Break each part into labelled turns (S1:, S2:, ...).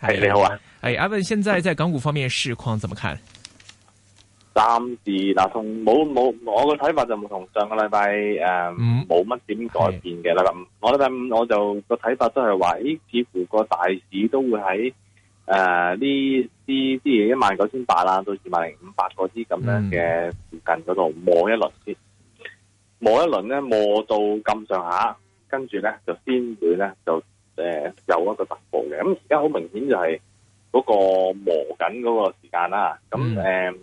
S1: 係你好啊，誒，阿文，現在在港股方面市況怎麼看？
S2: 暫時嗱，同冇冇，我個睇法就唔同。上個禮拜誒，冇乜點改變嘅啦。我禮拜五我就個睇法都係話，咦，似乎個大市都會喺誒呢啲啲一萬九千八啦到二萬零五百嗰啲咁樣嘅附近嗰度磨一輪先，磨、嗯、一輪咧磨到咁上下，跟住咧就先會咧就。誒、呃，有一個突破嘅，咁而家好明顯就係嗰個磨緊嗰個時間啦。咁、嗯、誒，嗯、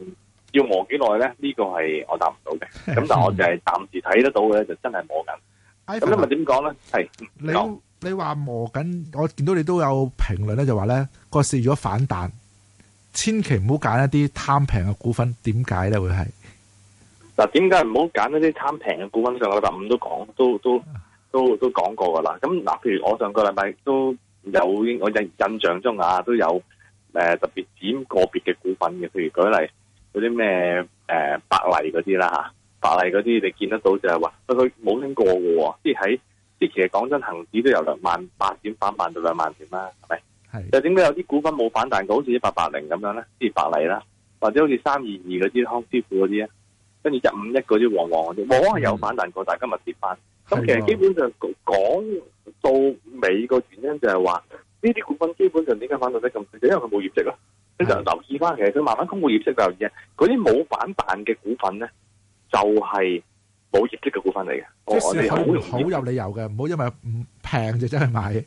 S2: 要磨幾耐咧？呢、這個係我答唔到嘅。咁、嗯、但係我就係暫時睇得到嘅，就真係磨緊。咁今日點講咧？係你
S1: 你話磨緊，我見到你都有評論咧，就話咧個市如果反彈，千祈唔好揀一啲貪平嘅股份。點解咧？會係
S2: 嗱？點解唔好揀一啲貪平嘅股份？上個禮拜五都講，都都。都都講過噶啦，咁嗱，譬如我上個禮拜都有，我印印象中啊，都有、呃、特別指個別嘅股份嘅，譬如舉例嗰啲咩誒百麗嗰啲啦嚇，百麗嗰啲你見得到就係話佢佢冇升過喎，即係喺即係其實講真，恒指都有兩萬八點反彈到兩萬點啦，係咪？係。就點解有啲股份冇反彈過好似一八八零咁樣咧？即係百麗啦，或者好似三二二嗰啲康師傅嗰啲啊，跟住一五一嗰啲旺旺嗰啲，冇旺係有反彈過，但係今日跌翻。咁其實基本上講到尾，個原因就係話呢啲股份基本上點解反到得咁，就因為佢冇業績啦。你就是的 留意翻，其實佢慢慢公布業績就有嘅。嗰啲冇反彈嘅股份咧，就係、是、冇業績嘅股份嚟嘅。我哋好
S1: 有理由嘅，唔好因為唔平就真係買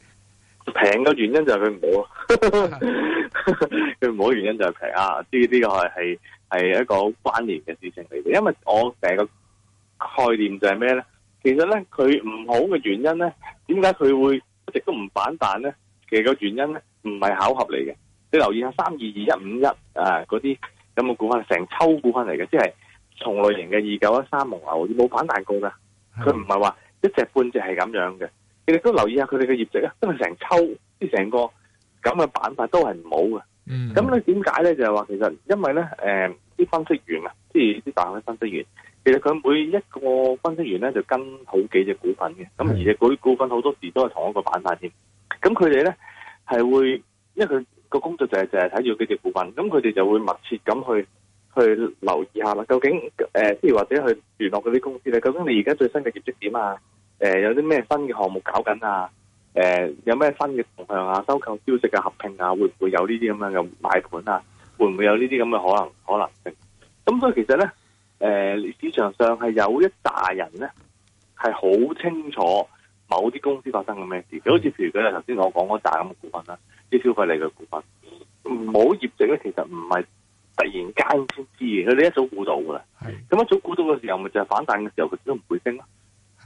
S2: 平，嘅原因就係佢唔好，佢唔好嘅原因就係平啊！呢、這、呢個係係係一個關聯嘅事情嚟嘅。因為我成個概念就係咩咧？其實咧，佢唔好嘅原因咧，點解佢會一直都唔反彈咧？其實個原因咧，唔係巧合嚟嘅。你留意下三二二一五一啊，嗰啲咁嘅股份，成抽股份嚟嘅，即係同類型嘅二九一三蒙牛冇反彈過噶。佢唔係話一隻半隻係咁樣嘅。你哋都留意下佢哋嘅業績啊，因為都係成抽，即係成個咁嘅板塊都係唔好嘅。咁咧點解咧？就係、是、話其實因為咧，誒、呃，啲分析員啊，即係啲大行嘅分析員。其實佢每一個分析員咧就跟好幾隻股份嘅，咁的而且啲股份好多時都係同一個板塊添。咁佢哋咧係會，因為佢個工作就係淨係睇住幾隻股份，咁佢哋就會密切咁去去留意一下啦。究竟誒，譬、呃、如或者去聯絡嗰啲公司咧，究竟你而家最新嘅業績點啊？誒、呃，有啲咩新嘅項目搞緊啊？誒、呃，有咩新嘅動向啊？收購消息啊，合併啊，會唔會有呢啲咁樣嘅買盤啊？會唔會有呢啲咁嘅可能可能性？咁所以其實咧。誒、呃，市場上係有一紮人咧，係好清楚某啲公司發生嘅咩事。佢好似譬如佢日頭先我講嗰扎咁嘅股份啦，啲消費嚟嘅股份，唔好的業績咧，其實唔係突然間先知嘅，佢哋一早估到嘅。係咁的一早估到嘅時候，咪就係、是、反彈嘅時候，佢都唔會升咯。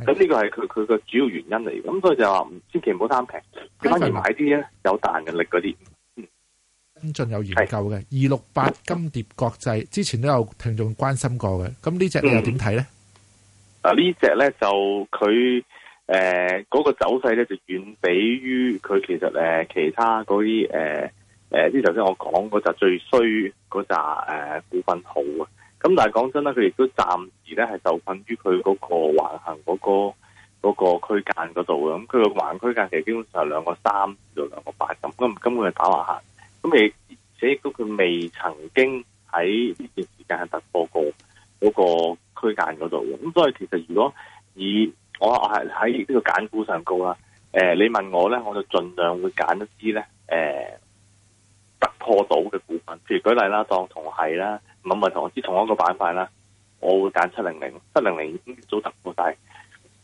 S2: 咁呢的個係佢佢嘅主要原因嚟。咁所以就話千祈唔好貪平，反而的買啲咧有彈嘅力嗰啲。
S1: 進有研究嘅二六八金蝶國際之前都有聽眾關心過嘅，咁呢隻你又點睇咧？
S2: 嗯啊、呢隻呢隻咧就佢誒嗰個走勢咧就遠比於佢其實誒其他嗰啲誒誒，即係頭先我講嗰紮最衰嗰扎誒股份好啊！咁但係講真啦，佢亦都暫時咧係受困於佢嗰個橫行嗰個、嗰個區間嗰度啊！咁佢個橫區間其實基本上係兩個三到兩個八咁，咁根本係打橫行。咁未，亦都佢未曾經喺呢段時間係突破過嗰個區間嗰度，咁所以其實如果以我係喺呢個揀股上高啦，誒、呃，你問我咧，我就盡量會揀一啲咧，誒、呃、突破到嘅股份。譬如舉例啦，當同係啦，咁啊同我知同一個板塊啦，我會揀七零零，七零零已經早突破，但係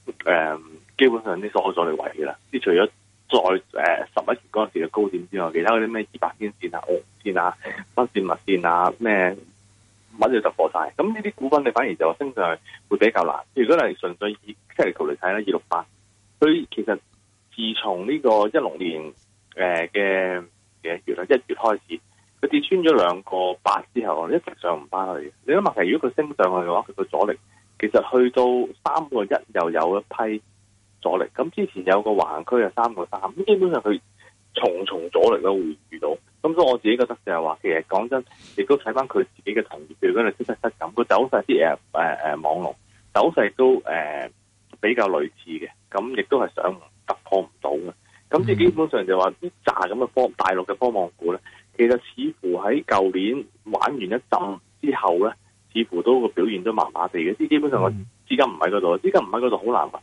S2: 誒、呃，基本上啲所咗嚟圍啦，即除咗。再誒、呃、十一月嗰陣時嘅高點之外，其他嗰啲咩二百天線啊、五啊、分線、物線啊、咩乜嘢就破晒。咁呢啲股份你反而就升上去會比較難。如果你係純粹以 K 線圖嚟睇咧，二六八，佢其實自從呢個一六年誒嘅嘅月啦一月開始，佢跌穿咗兩個八之後，一直上唔翻去。你諗問題，如果佢升上去嘅話，佢個阻力其實去到三個一又有一批。阻力咁之前有個橫行區啊，三個三咁，基本上佢重重阻力都會遇到。咁所以我自己覺得就係話，其實講真，亦都睇翻佢自己嘅同業表，如果係實失咁感，佢走勢啲誒誒誒網絡走勢都誒、呃、比較類似嘅，咁亦都係想突破唔到嘅。咁即係基本上就話啲炸咁嘅科大陸嘅科網股咧，其實似乎喺舊年玩完一浸之後咧，似乎都表現都麻麻地嘅。即係基本上我資金唔喺嗰度，資金唔喺嗰度好難。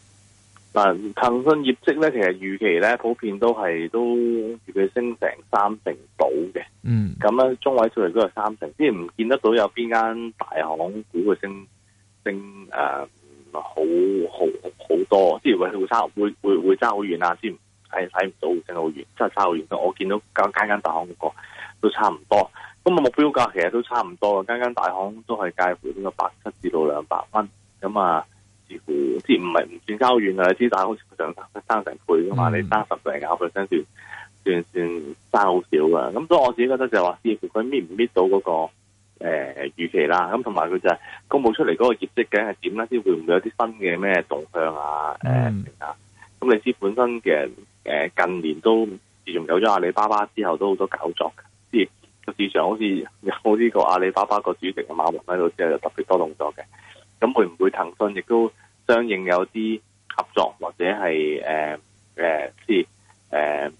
S2: 嗱，騰訊業績咧，其實預期咧普遍都係都預計升成三成到嘅。嗯，咁咧中位數嚟都係三成，即係唔見得到有邊間大行股會升升誒、嗯，好好好多，即係會會差會會會差好遠啊！即係睇唔到升好遠，真係差好遠。我見到間間大行嗰個，都差唔多，咁、那、啊、個、目標價其實都差唔多，間間大行都係介乎呢個百七至到兩百蚊。咁啊。似乎即係唔係唔算交遠啊！你知但係好似佢想生成倍噶嘛，嗯、你生十成廿倍先算算生好少噶。咁所以我自己覺得就係話，似乎佢搣唔搣到嗰、那個誒預、呃、期啦。咁同埋佢就係公佈出嚟嗰個業績究竟係點咧？即係會唔會有啲新嘅咩動向啊？誒啊、嗯！咁你知本身嘅誒、呃、近年都自從有咗阿里巴巴之後，都好多搞作嘅。即係實際上好似有呢個阿里巴巴個主席啊馬雲喺度之後，就特別多動作嘅。咁會唔會騰訊亦都相應有啲合作，或者係誒誒，即係誒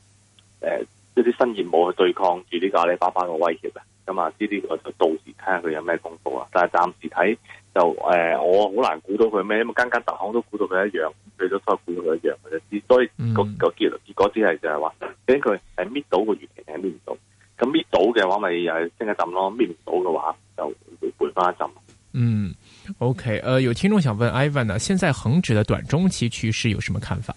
S2: 誒一啲新業務去對抗住呢個阿里巴巴嘅威脅嘅？咁、嗯、啊，呢啲我就到時睇下佢有咩功夫啊。但係暫時睇就誒、呃，我好難估到佢咩，因為間間投行都估到佢一樣，佢都都係估到佢一樣嘅啫。所以個個結果、嗯、結果只係就係、是、話，呢佢係搣到個月期，係搣唔到。咁搣到嘅話咪又係升一浸咯，搣唔到嘅話就賠翻一浸。嗯。
S1: OK，誒、呃，有聽眾想問 Ivan 呢，現在恒指嘅短中期趨勢有什麼看法？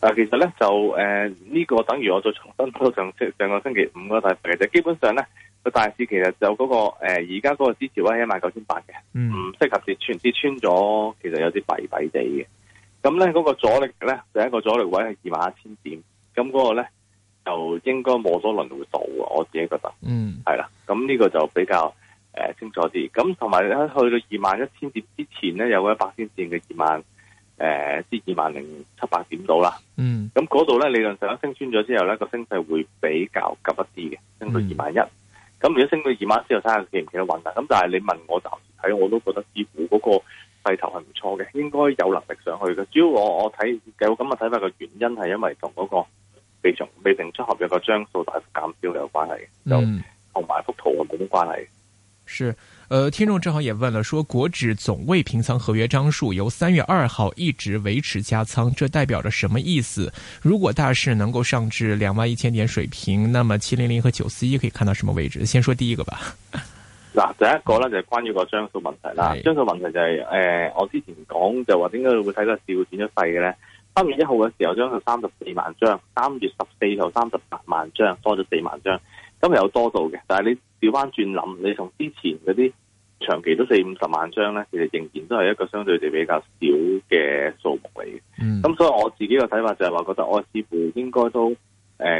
S2: 啊，其實咧就誒呢、呃，這個等於我再重新套上上個星期五嗰個大市，其實基本上咧個大市其實就嗰、那個誒，而家嗰個支持位係一萬九千八嘅，唔適合跌穿跌穿咗，其實有啲弊弊哋嘅。咁咧嗰個阻力咧，第一個阻力位係二萬一千點，咁嗰個咧就應該冇咗輪到，我自己覺得，嗯，係啦，咁、嗯、呢、這個就比較。誒，清楚啲咁，同埋、嗯、去到二萬一千點之前咧，有嗰一百天綫嘅二萬誒，至二萬零七百點度啦。2, 000，嗯，咁嗰度咧，理論上一升穿咗之後咧，個升勢會比較急一啲嘅，升到二萬一。咁如果升到二萬一之後，睇下企唔企得穩啊？咁但係你問我暫時睇，我都覺得似乎嗰個勢頭係唔錯嘅，應該有能力上去嘅。主要我我睇有咁嘅睇法嘅原因係因為同嗰個未從未平出合約嘅張數大幅減少有關係，就同埋、嗯、幅圖係冇乜關係。
S1: 是，呃，聽眾正好也問了，說國指總未平倉合約張數由三月二號一直維持加倉，這代表着什麼意思？如果大勢能夠上至兩萬一千點水平，那麼七零零和九四一可以看到什麼位置？先說第一個吧。
S2: 嗱，第一個呢就關於個張數問題啦。張數是問題就係、是，誒、呃，我之前講就話，點解會睇個市會轉咗勢嘅呢？三月一號嘅時候張張，張數三十四萬張，三月十四號三十八萬張，多咗四萬張。咁有多到嘅，但係你調翻轉諗，你從之前嗰啲長期都四五十萬張咧，其實仍然都係一個相對地比較少嘅數目嚟嘅。咁、嗯、所以我自己嘅睇法就係話，覺得我似乎應該都誒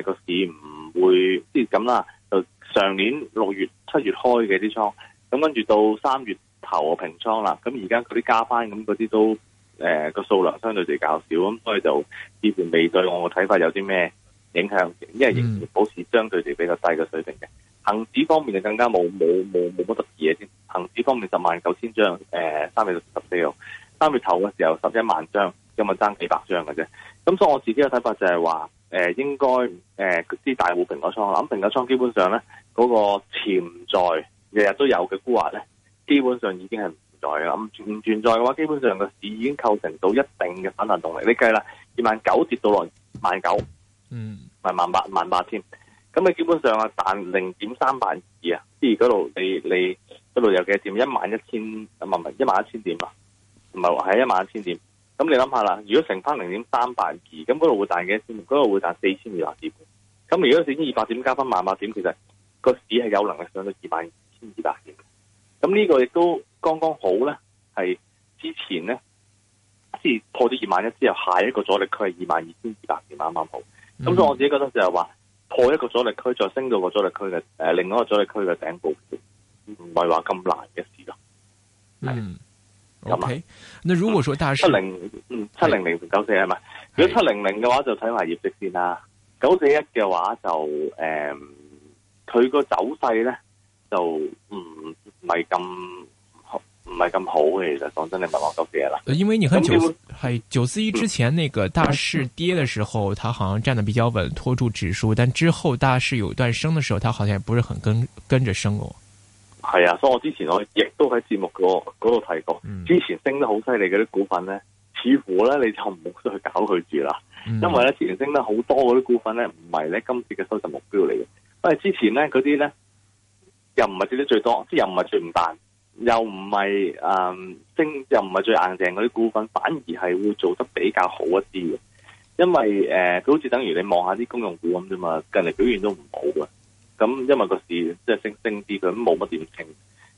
S2: 個、呃、市唔會即係咁啦。就上年六月、七月開嘅啲倉，咁跟住到三月頭我平倉啦。咁而家嗰啲加班，咁嗰啲都誒個數量相對地較少，咁所以就似乎未對我嘅睇法有啲咩？影響，因為仍然保持相對地比較低嘅水平嘅。恆、嗯、指方面就更加冇冇冇冇乜特別嘢先。恆指方面十萬九千張，誒、呃、三月十四號，三月頭嘅時候十一萬張，今日爭幾百張嘅啫。咁所以我自己嘅睇法就係話，誒、呃、應該誒啲大戶平咗倉，咁平咗倉基本上咧嗰、那個潛在日日都有嘅沽壓咧，基本上已經係唔存在嘅啦。唔唔存在嘅話，基本上個市已經構成到一定嘅反彈動力。你計啦，二萬九跌到落萬九。嗯，咪萬八萬八千，咁你、嗯、基本上啊，賺零點三萬二啊，譬如嗰度你你嗰度有幾多 11, 000, 11, 點？一萬一千，啊唔係，一萬一千點啊，唔係話係一萬一千點。咁你諗下啦，如果乘翻零點三萬二，咁嗰度會賺幾多點？嗰度會賺四千二百點。咁如果四千二百點加翻萬八點，其實個市係有能力上到二萬二千二百點嘅。咁呢個亦都剛剛好咧，係之前咧先破咗二萬一之後，下一個阻力區係二萬二千二百點，啱啱好。咁、嗯、所以我自己覺得就係話，破一個阻力區，再升到個阻力區嘅誒、呃，另外個阻力區嘅頂部唔係話咁難嘅事咯。
S1: 嗯，咁啊。咁如果說大七零
S2: 嗯是七零零九四係咪？是如果七零零嘅話就睇埋業績先啦，九四一嘅話就誒，佢、呃、個走勢咧就唔唔係咁。唔係咁好嘅，其實講真你唔係多到嘢啦。因為你喺九
S1: 喺九四一之前，那個大市跌嘅時候，它、嗯、好像站得比較穩，拖住指數。但之後大市有一段升嘅時候，它好像也不是很跟跟着升哦。
S2: 係啊，所以我之前我亦都喺節目嗰度提過，嗯、之前升得好犀利嗰啲股份咧，似乎咧你就唔好去搞佢住啦，嗯、因為咧前升得好多嗰啲股份咧，唔係咧今次嘅收集目標嚟嘅，不過之前咧嗰啲咧又唔係跌得最多，即又唔係最唔彈。又唔係誒升，又唔係最硬淨嗰啲股份，反而係會做得比較好一啲嘅，因為誒佢、呃、好似等於你望下啲公用股咁啫嘛，近嚟表現都唔好嘅，咁因為個市即係升升啲，佢冇乜點升，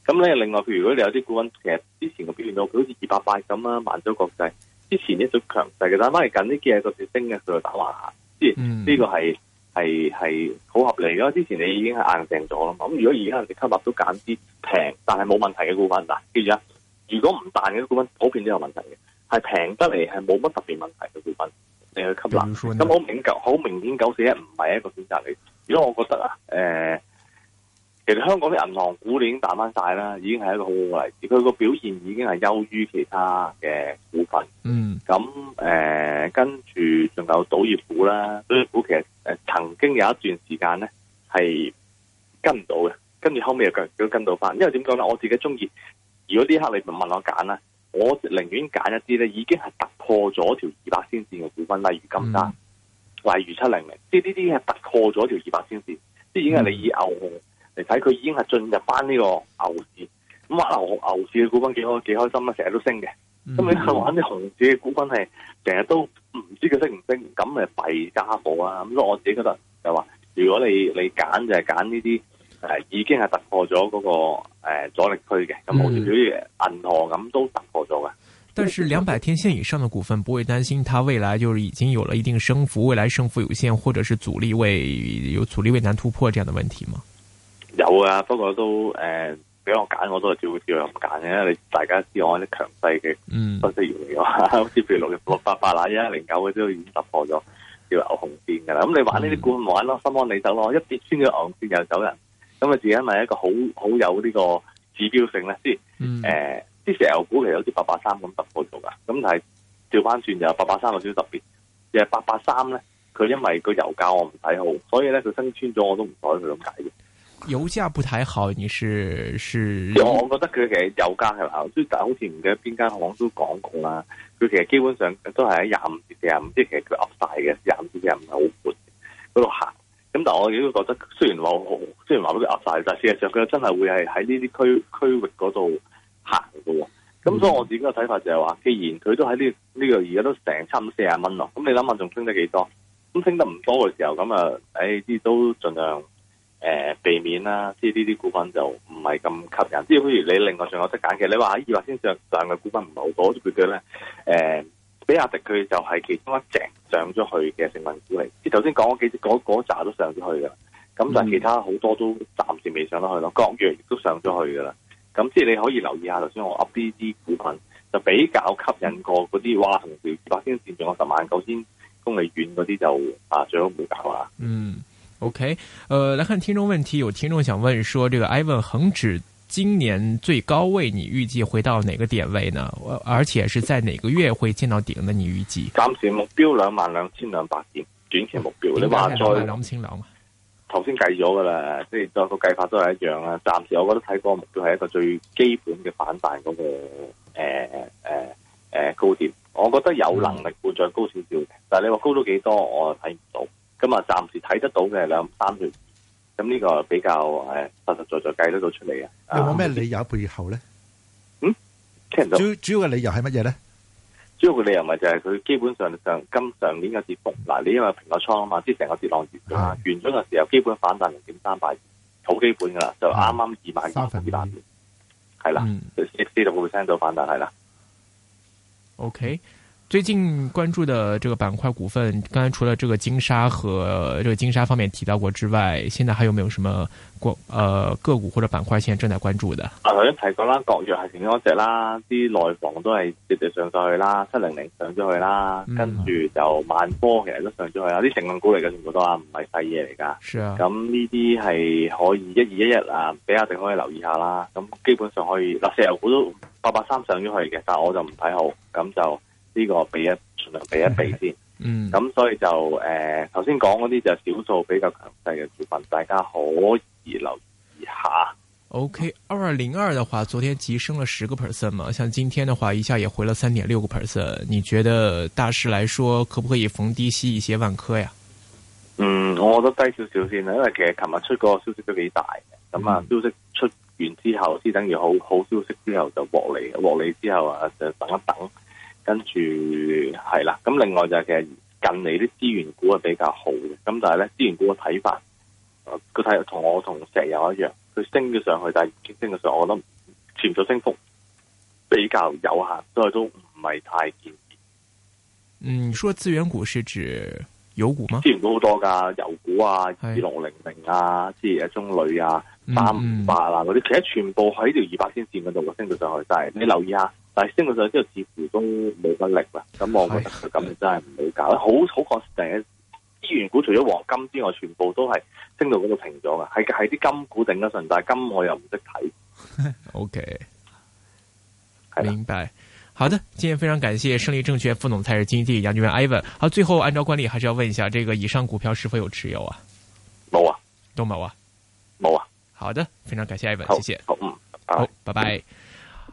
S2: 咁咧、嗯、另外譬如，如果你有啲股份其實之前嘅表現都佢好似二百八咁啦，萬洲國際之前一種強勢嘅，但係近呢幾日個市升嘅，佢就打橫行，即係呢個係。嗯係係好合理咯，之前你已經係硬定咗啦嘛。咁如果而家你吸納，都揀啲平但係冇問題嘅股份，嗱，記住啊，如果唔彈嘅股份普遍都有問題嘅，係平得嚟係冇乜特別問題嘅股份，你去吸納，咁好明好明顯九四一唔係一個選擇嚟，如果我覺得啊，誒、呃。其實香港啲銀行股咧已經彈翻晒啦，已經係一個好好嘅例子。佢個表現已經係優於其他嘅股份。嗯，咁誒跟住仲有賭業股啦，賭業股其實誒曾經有一段時間咧係跟唔到嘅，就跟住後尾又繼都跟到翻。因為點講咧，我自己中意，如果呢刻你問我揀啦，我寧願揀一啲咧已經係突破咗條二百先線嘅股份，例如金丹，嗯、例如七零零，即係呢啲係突破咗條二百先線，即係已經係你以牛。嚟睇佢已經係進入翻呢個牛市，咁啊牛牛市嘅股份幾開幾開心啊！成日都升嘅，咁你去玩啲熊市嘅股份，係成日都唔知佢升唔升，咁咪弊加好啊！咁所以我自己覺得就話，如果你你揀就係揀呢啲誒已經係突破咗嗰個誒阻力區嘅，咁好似啲銀行咁都突破咗嘅。但是
S1: 兩百天線以上的股份，不會擔心它未來就是已經有了一定升幅，未來升幅有限，或者是阻力位有阻力位，有阻力位難突破這樣的問題嗎？
S2: 有啊，不過都誒俾我揀，我都係照照樣咁揀嘅。因為你大家知我啲強勢嘅分析原理啊，好似譬如六月六八八啦，一零九嘅都已經突破咗叫牛熊線㗎啦。咁你玩呢啲股咪玩咯，心安理得咯。一跌穿咗牛熊線又走人，咁啊自己咪一個好好有呢個指標性咧。即係誒啲石油股其實好似八八三咁突破到噶，咁但係調翻轉就八八三個小特別，而係八八三咧，佢因為個油價我唔睇好，所以咧佢升穿咗我都唔改佢咁解嘅。
S1: 油價不太好，你是是。嗯、我
S2: 覺得佢其實油價係好，即係但好似唔記得邊間行都講過啦，佢其實基本上都係喺廿五至四十，即係佢壓晒嘅廿五至四十唔係好闊嗰度行。咁但係我亦都覺得雖，雖然我雖然話佢壓晒，但係事實上佢真係會係喺呢啲區區域嗰度行嘅。咁所以我自己嘅睇法就係話，既然佢都喺呢呢度而家都成差唔多四十蚊咯，咁你諗下仲升得幾多？咁升得唔多嘅時候，咁啊，誒、哎，呢啲都盡量。誒、呃，避免啦，啊，即係呢啲股份就唔係咁吸引。即係譬如你另外仲有得揀嘅，你話喺二百天上上嘅股份唔好，嗰隻股票咧，誒、呃，比亞迪佢就係其中一隻上咗去嘅成分股嚟。即係頭先講嗰幾隻，嗰嗰扎都上咗去噶咁但係其他好多都暫時未上得去咯。國藥亦都上咗去噶啦。咁即係你可以留意下，頭先我 update 啲股份就比較吸引過嗰啲哇，同二百天線仲有十萬九千公里遠嗰啲就啊，最好唔好搞啦。嗯。
S1: OK，呃，來看聽眾問題，有聽眾想問說，這個 Ivan 恒指今年最高位，你預計回到哪個點位呢？而且是在哪個月會見到頂的。你預計
S2: 暫時目標兩萬兩千兩百點，短期目標你話再諗清諗，頭先計咗噶啦，即係再，這個計法都係一樣啦。暫時我覺得睇個目標係一個最基本嘅反彈嗰，那個誒誒誒高點，我覺得有能力會再高少，嗯，少，但係你話高咗幾多，我睇唔到。.咁啊，暫時睇得到嘅兩三條，咁呢個比較誒，實實在在計得到出嚟嘅。有冇咩理由背後咧？嗯，聽唔到。主要嘅理由係乜嘢咧？主要嘅理由咪就係佢基本上上今上，上年嘅跌幅，嗱、嗯，你因為平咗倉啊嘛，即係成個跌浪跌幅完啦，完咗嘅時候基本反彈零點三八，好基本噶啦，就啱啱二萬八千二八點，係啦，就到四十六 percent 度反彈係啦。
S1: OK。最近關注的這個板塊股份，剛才除了這個金沙和這個金沙方面提到過之外，現在還有沒有什麼股？呃，個股或者板塊現在正在關注的？
S2: 頭先、啊、提過啦，國藥係其中一隻啦，啲內房都係直直上上去啦，七零零上咗去啦，嗯、跟住，就萬科其實都上咗去啦，啲成分股嚟嘅，全部都啊，唔係細嘢嚟噶。是啊，咁呢啲係可以一二一日啊，畀阿定可以留意下啦。咁基本上可以嗱、呃、石油股都八八三上咗去嘅，但係我就唔睇好，咁就。呢個俾一盡量俾一俾先，咁、 嗯、所以就誒頭先講嗰啲就少數比較強勢嘅股份，大家可以留意下。
S1: O K，二二零二嘅話，昨天急升了十個 percent 嘛，像今天嘅話，一下也回了三點六個 percent。你覺得大市來說，可唔可以逢低吸一些萬科呀、啊？嗯，
S2: 我覺得低少少先啦，因為其實琴日出個消息都幾大嘅，咁啊、嗯、消息出完之後，先等於好好消息之後就獲利獲利之後啊，就等一等。跟住係啦，咁另外就係其實近嚟啲資源股係比較好嘅，咁但係咧資源股嘅睇法，個睇同我同石油一樣，佢升咗上去，但係升咗上去，我諗潛在升幅比較有限，所以都唔係太建議。
S1: 嗯，你說資源股是指油股嗎？資
S2: 源股好多噶，油股啊，二六零零啊，即係一中鋁啊，三五八啊嗰啲，嗯、其實全部喺條二百先線嗰度個升咗上去，但係你留意一下。但係升到上之後，似乎都冇乜力啦。咁我覺得咁真係唔好搞。好好確定資源股，除咗黃金之外，全部都係升到嗰度停咗嘅。係係啲金股頂得順，但係金我又唔識睇。
S1: O K，明白。好的，今天非常感謝勝利證券副總裁、基金經理楊俊文 Ivan。好，最後按照慣例，還是要問一下，這個以上股票是否有持有啊？冇啊，都冇啊，冇啊。好的，非常感謝 Ivan，好謝謝。嗯，好，拜拜。